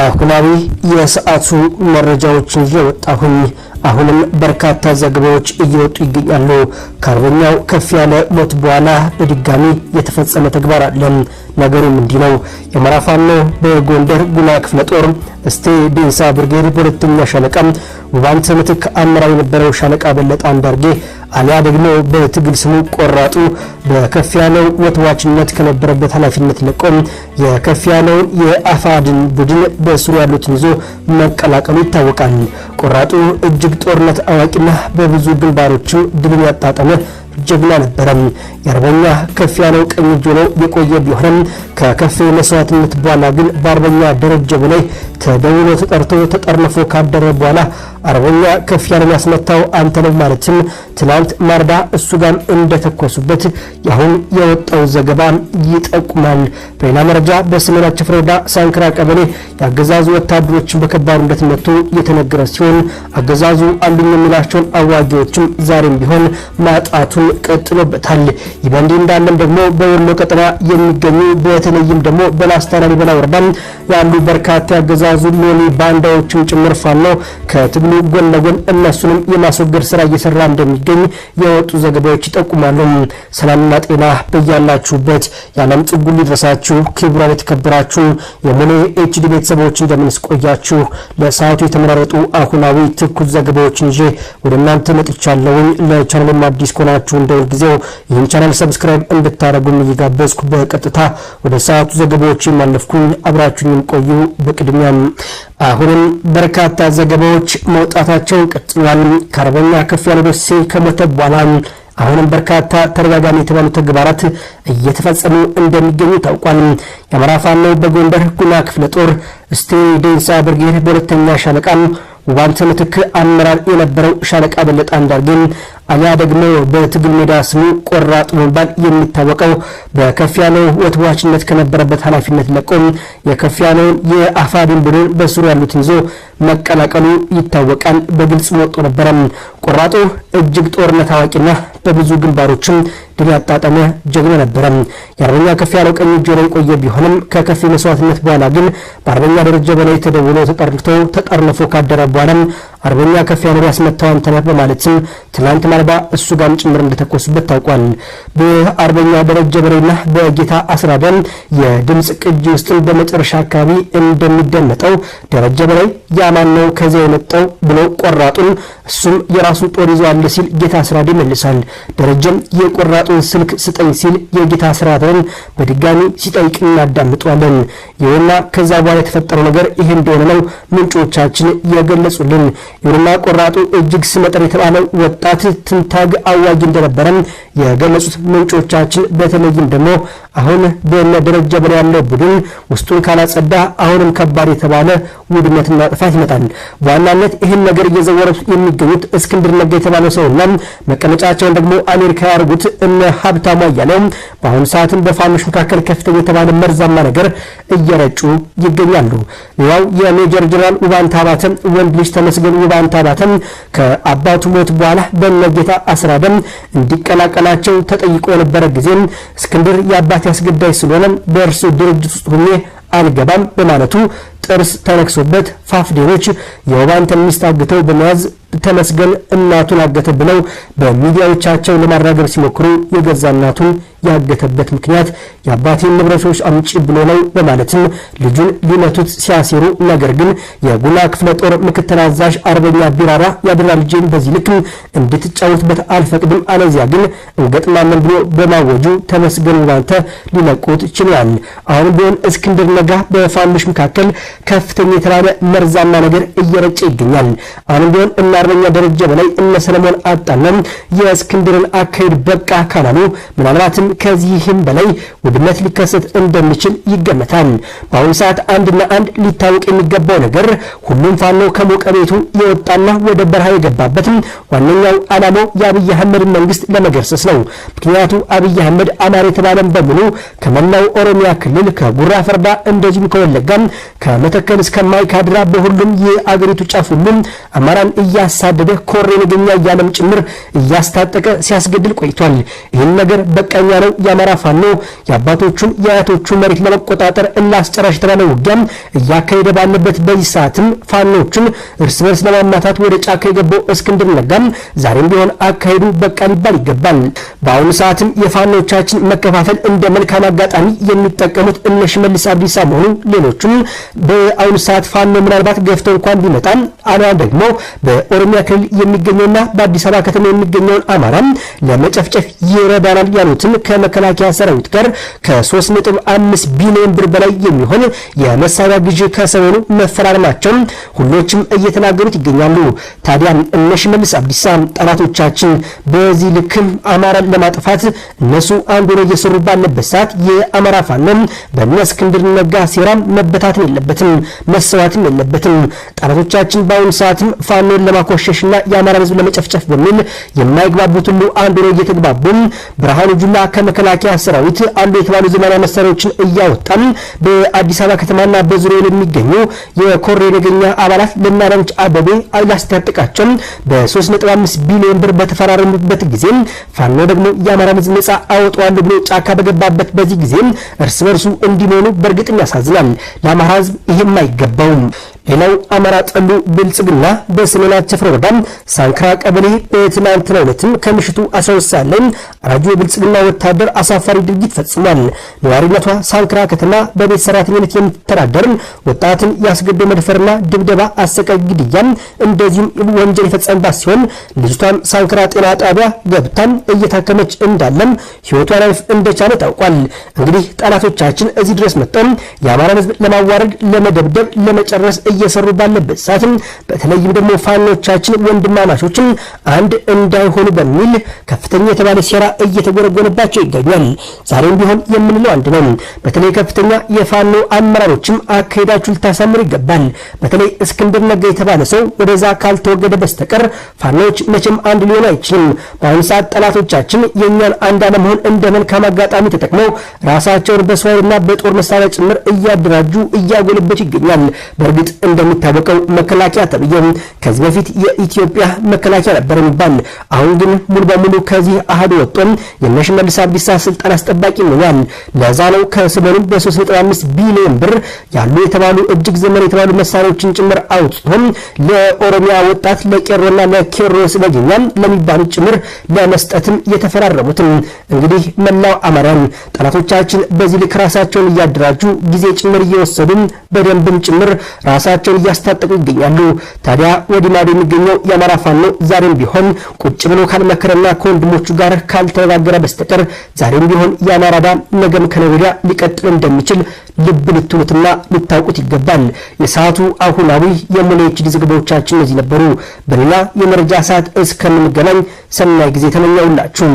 አሁናዊ የሰዓቱ መረጃዎችን እየወጣሁኝ አሁንም በርካታ ዘገባዎች እየወጡ ይገኛሉ። ከአርበኛው ከፍ ያለ ሞት በኋላ በድጋሚ የተፈጸመ ተግባር አለም። ነገሩም እንዲህ ነው። የአማራ ፋኖ በጎንደር ጉና ክፍለ ጦር እስቴ ዴንሳ ብርጌድ በሁለተኛ ሻለቃ ውባንተ ምትክ አመራር የነበረው ሻለቃ በለጠ አንዳርጌ አሊያ ደግሞ በትግል ስሙ ቆራጡ በከፍ ያለው ወትዋችነት ከነበረበት ኃላፊነት ለቆም ያለው የአፋድን ቡድን በስሩ ያሉትን ይዞ መቀላቀሉ ይታወቃል። ቆራጡ እጅግ ጦርነት አዋቂና በብዙ ግንባሮቹ ድልን ያጣጠመ ጀግና ነበረም። የአርበኛ ከፍ ያለው ቀኝ እጁ ነው የቆየ ቢሆንም ከከፍ መስዋዕትነት በኋላ ግን በአርበኛ ደረጀ በላይ ተደውሎ ተጠርቶ ተጠርነፎ ካደረ በኋላ አርበኛ ከፍ ያለን ያስመታው አንተ ነው ማለትም ትናንት ማርዳ እሱ ጋር እንደተኮሱበት ያሁን የወጣው ዘገባ ይጠቁማል። በሌላ መረጃ በሰሜን አቸፈር ወረዳ ሳንክራ ቀበሌ የአገዛዙ ወታደሮችን በከባዱ እንደተመቱ የተነገረ ሲሆን አገዛዙ አሉኝ የሚላቸውን አዋጊዎችም ዛሬም ቢሆን ማጣቱን ቀጥሎበታል። ይህ በእንዲህ እንዳለም ደግሞ በወሎ ቀጠና የሚገኙ በተለይም ደግሞ በላስታ ላሊበላ ወረዳ ያሉ በርካታ ያገዛዙ ሎኒ ባንዳዎችን ጭምር ፋኖ ከትግሉ ከክልሉ ጎን ለጎን እነሱንም የማስወገድ ስራ እየሰራ እንደሚገኝ የወጡ ዘገባዎች ይጠቁማሉ። ሰላምና ጤና በያላችሁበት የዓለም ጽጉ ሊድረሳችሁ። ክቡራን የተከበራችሁ የሙኔ ኤችዲ ቤተሰቦች እንደምንስቆያችሁ ለሰዓቱ የተመራረጡ አሁናዊ ትኩስ ዘገባዎችን ይዤ ወደ እናንተ መጥቻለሁኝ። ለቻናልም አዲስ ከሆናችሁ እንደውል ጊዜው ይህን ቻናል ሰብስክራይብ እንድታደረጉም እየጋበዝኩ በቀጥታ ወደ ሰዓቱ ዘገባዎች ማለፍኩኝ። አብራችሁኝም ቆዩ። በቅድሚያም አሁንም በርካታ ዘገባዎች መውጣታቸው ቀጥሏል። ከአርበኛ ከፍ ያለ ደሴ ከሞተ በኋላ አሁንም በርካታ ተደጋጋሚ የተባሉ ተግባራት እየተፈጸሙ እንደሚገኙ ታውቋል። የአማራ ፋኖ በጎንደር ጉና ክፍለ ጦር እስቴ ዴንሳ ብርጌድ በሁለተኛ ሻለቃ ውባንተ ምትክ አመራር የነበረው ሻለቃ በለጠ አንዳርጌን አሊያ ደግሞ በትግል ሜዳ ስሙ ቆራጥ በመባል የሚታወቀው በከፍ ያለው ወትዋችነት ከነበረበት ኃላፊነት ለቆም የከፍ ያለውን የአፋድን ቡድን በስሩ ያሉትን ይዞ መቀላቀሉ ይታወቃል። በግልጽ ወጥቶ ነበረም። ቆራጡ እጅግ ጦርነት አዋቂና በብዙ ግንባሮችም ድል ያጣጠመ ጀግና ነበረ። የአርበኛ ከፍ ያለው ቀኝ እጆ ላይ ቆየ ቢሆንም ከከፍ መስዋዕትነት በኋላ ግን በአርበኛ ደረጃ በላይ ተደውሎ ተጠርቶ ተጠርነፎ ካደረ በኋላም አርበኛ ከፍ ያለው ያስመታው አንተ በማለትም ትናንት ማለዳ እሱ ጋም ጭምር እንደተኮሱበት ታውቋል። በአርበኛ ደረጀ በሬና በጌታ አስራደም የድምፅ ቅጅ ውስጥን በመጨረሻ አካባቢ እንደሚደመጠው ደረጀ በሬ ያማን ነው ከዚያ የመጣው ብሎ ቆራጡን እሱም የራሱን ጦር ይዞ አለ ሲል ጌታ ስራት ይመልሳል። ደረጀም የቆራጡን ስልክ ስጠኝ ሲል የጌታ ስራትን በድጋሚ ሲጠይቅ እናዳምጧለን። ይሁንና ከዛ በኋላ የተፈጠረው ነገር ይህ እንደሆነ ነው ምንጮቻችን የገለጹልን። ይሁንና ቆራጡ እጅግ ስመጥር የተባለው ወጣት ትንታግ አዋጅ እንደነበረም የገለጹት ምንጮቻችን በተለይም ደግሞ አሁን በእነ ደረጃ በላይ ያለው ቡድን ውስጡን ካላጸዳ አሁንም ከባድ የተባለ ውድመትና ጥፋት ይመጣል። በዋናነት ይህን ነገር እየዘወረ የሚገኙት እስክንድር ነጋ የተባለው ሰውና መቀመጫቸውን ደግሞ አሜሪካ ያደርጉት እነ ሀብታሙ አያሌው በአሁኑ ሰዓትም በፋኖች መካከል ከፍተኛ የተባለ መርዛማ ነገር እየረጩ ይገኛሉ። ሌላው የሜጀር ጀነራል ውባንታ አባተ ወንድ ልጅ ተመስገን ውባንታ አባተ ከአባቱ ሞት በኋላ በነጌታ አስራደም እንዲቀላቀላቸው ተጠይቆ የነበረ ጊዜም እስክንድር የአባት ስርዓት ያስገዳይ ስለሆነም በእርሱ ድርጅት ውስጥ ሁኜ አልገባም በማለቱ ጥርስ ተነክሶበት ፋፍዴዎች የወባን ትንኝ አግተው በመያዝ ተመስገን እናቱን አገተ ብለው በሚዲያዎቻቸው ለማራገር ሲሞክሩ የገዛ እናቱን ያገተበት ምክንያት የአባቴን ንብረቶች አምጪ ብሎ ነው በማለትም ልጁን ሊመቱት ሲያሴሩ፣ ነገር ግን የጉና ክፍለ ጦር ምክትል አዛዥ አርበኛ ቢራራ ያደራ ልጄን በዚህ ልክም እንድትጫወትበት አልፈቅድም፣ አለዚያ ግን እንገጥማለን ብሎ በማወጁ ተመስገን እናንተ ሊለቁት ችለዋል። አሁን ቢሆን እስክንድር ነጋ በፋኖች መካከል ከፍተኛ የተባለ መርዛማ ነገር እየረጨ ይገኛል። አሁንም ቢሆን እነ አርበኛ ደረጀ በላይ እነ ሰለሞን አጣለም የእስክንድርን አካሄድ በቃ ካላሉ ምናልባትም ከዚህም በላይ ውድመት ሊከሰት እንደሚችል ይገመታል። በአሁኑ ሰዓት አንድና አንድ ሊታወቅ የሚገባው ነገር ሁሉም ፋኖ ከሞቀ ቤቱ የወጣና ወደ በረሃ የገባበትም ዋነኛው ዓላማው የአብይ አህመድን መንግስት ለመገርሰስ ነው። ምክንያቱ አብይ አህመድ አማር የተባለም በሙሉ ከመላው ኦሮሚያ ክልል ከጉራ ፈርዳ እንደዚሁም ከወለጋም ከመተከል እስከ ማይካድራ በሁሉም የአገሪቱ ጫፍ ሁሉም አማራን እያሳደደ ኮሬ ነገኛ እያለም ጭምር እያስታጠቀ ሲያስገድል ቆይቷል። ይህን ነገር በቀኛ ነው የአማራ ፋኖ የአባቶቹን የአያቶቹን መሬት ለመቆጣጠር እላስጨራሽ የተባለ ውጊያም እያካሄደ ባለበት በዚህ ሰዓትም ፋኖቹን እርስ በርስ ለማማታት ወደ ጫካ የገባው እስክንድር ነጋም ዛሬም ቢሆን አካሄዱ በቃ ሊባል ይገባል። በአሁኑ ሰዓትም የፋኖቻችን መከፋፈል እንደ መልካም አጋጣሚ የሚጠቀሙት እነ ሽመልስ አብዲሳ መሆኑ ሌሎቹም በአሁኑ ሰዓት ፋኖ ምናልባት ገፍቶ እንኳን ቢመጣም አና ደግሞ በኦሮሚያ ክልል የሚገኘውና በአዲስ አበባ ከተማ የሚገኘውን አማራም ለመጨፍጨፍ ይረዳናል ያሉትም ከመከላከያ ሰራዊት ጋር ከ3.5 ቢሊዮን ብር በላይ የሚሆን የመሳሪያ ግዢ ከሰሞኑ መፈራረማቸው ሁሎችም እየተናገሩት ይገኛሉ። ታዲያም እነ ሽመልስ አብዲሳ ጠላቶቻችን በዚህ ልክም አማራን ለማጥፋት እነሱ አንድ ሆነው እየሰሩ ባለበት ሰዓት የአማራ ፋኖም በእነ እስክንድር ነጋ ሴራ መበታተን የለበትም። የለበትም፣ መሰዋትም የለበትም። ጠላቶቻችን በአሁኑ ሰዓትም ፋኖን ለማኮሸሽና የአማራ ህዝብ ለመጨፍጨፍ በሚል የማይግባቡት ሁሉ አንድ ሆነው እየተግባቡም ብርሃኑ ጁላ ከመከላከያ ሰራዊት አንዱ የተባሉ ዘመናዊ መሳሪያዎችን እያወጣም በአዲስ አበባ ከተማና በዙሪያው የሚገኙ የኮሬ ነገኛ አባላት ልናዳምጭ አበቤ ላስታጠቃቸው በ3.5 ቢሊዮን ብር በተፈራረሙበት ጊዜ ፋኖ ደግሞ የአማራ ህዝብ ነጻ አወጣዋለሁ ብሎ ጫካ በገባበት በዚህ ጊዜ እርስ በርሱ እንዲመሆኑ በእርግጥም ያሳዝናል። ለአማራ ህዝብ የማይገባውም ሌላው አማራ ጠሉ ብልጽግና በሰሜን አቸፈር ወረዳ ሳንክራ ቀበሌ በትናንትናው ዕለትም ከምሽቱ 12 አራጁ የብልጽግና ወታደር አሳፋሪ ድርጊት ፈጽሟል። ነዋሪነቷ ሳንክራ ከተማ በቤት ሰራተኝነት የምትተዳደር ወጣትን ያስገዶ መድፈርና ድብደባ፣ አሰቃቂ ግድያም እንደዚሁም ወንጀል የፈጸመባት ሲሆን ልጅቷም ሳንክራ ጤና ጣቢያ ገብታም እየታከመች እንዳለም ህይወቷ ላይፍ እንደቻለ ታውቋል። እንግዲህ ጠላቶቻችን እዚህ ድረስ መጥተው የአማራን ህዝብ ለማዋረድ፣ ለመደብደብ፣ ለመጨረስ እየሰሩ ባለበት ሰዓትም በተለይም ደግሞ ፋኖቻችን ወንድማማቾችም አንድ እንዳይሆኑ በሚል ከፍተኛ የተባለ ሴራ እየተጎረጎረባቸው ይገኛል። ዛሬም ቢሆን የምንለው አንድ ነው። በተለይ ከፍተኛ የፋኖ አመራሮችም አካሄዳችሁ ልታሳምሩ ይገባል። በተለይ እስክንድር ነገ የተባለ ሰው ወደዛ ካልተወገደ በስተቀር ፋኖች መቼም አንድ ሊሆን አይችልም። በአሁኑ ሰዓት ጠላቶቻችን የእኛን አንድ አለመሆን እንደ መልካም አጋጣሚ ተጠቅመው ራሳቸውን በሰዋይና በጦር መሳሪያ ጭምር እያደራጁ እያጎለበቱ ይገኛል። በእርግጥ እንደሚታወቀው መከላከያ ተብዬው ከዚህ በፊት የኢትዮጵያ መከላከያ ነበር የሚባል አሁን ግን ሙሉ በሙሉ ከዚህ አሃዱ ወጥቶ የነ ሽመልስ አብዲሳ ስልጣን አስጠባቂ ሆኗል። ለዛ ነው ከሰሞኑ በ3.5 ቢሊዮን ብር ያሉ የተባሉ እጅግ ዘመን የተባሉ መሳሪያዎችን ጭምር አውጥቶም ለኦሮሚያ ወጣት ለቄሮና ለኬሮስ ስለገኛ ለሚባሉ ጭምር ለመስጠትም የተፈራረሙትም እንግዲህ መላው አማራን ጠላቶቻችን በዚህ ልክ ራሳቸውን እያደራጁ ጊዜ ጭምር እየወሰዱ በደንብም ጭምር ራሳ መሳሪያዎቻቸውን እያስታጠቁ ይገኛሉ። ታዲያ ወዲማዶ የሚገኘው የአማራ ፋኖ ዛሬም ቢሆን ቁጭ ብሎ ካልመከረና ከወንድሞቹ ጋር ካልተነጋገረ በስተቀር ዛሬም ቢሆን የአማራ ነገም ከነገ ወዲያ ሊቀጥል እንደሚችል ልብ ልትሉትና ልታውቁት ይገባል። የሰዓቱ አሁናዊ የሙሌዎች ዘገባዎቻችን እነዚህ ነበሩ። በሌላ የመረጃ ሰዓት እስከምንገናኝ ሰናይ ጊዜ ተመኘውላችሁ።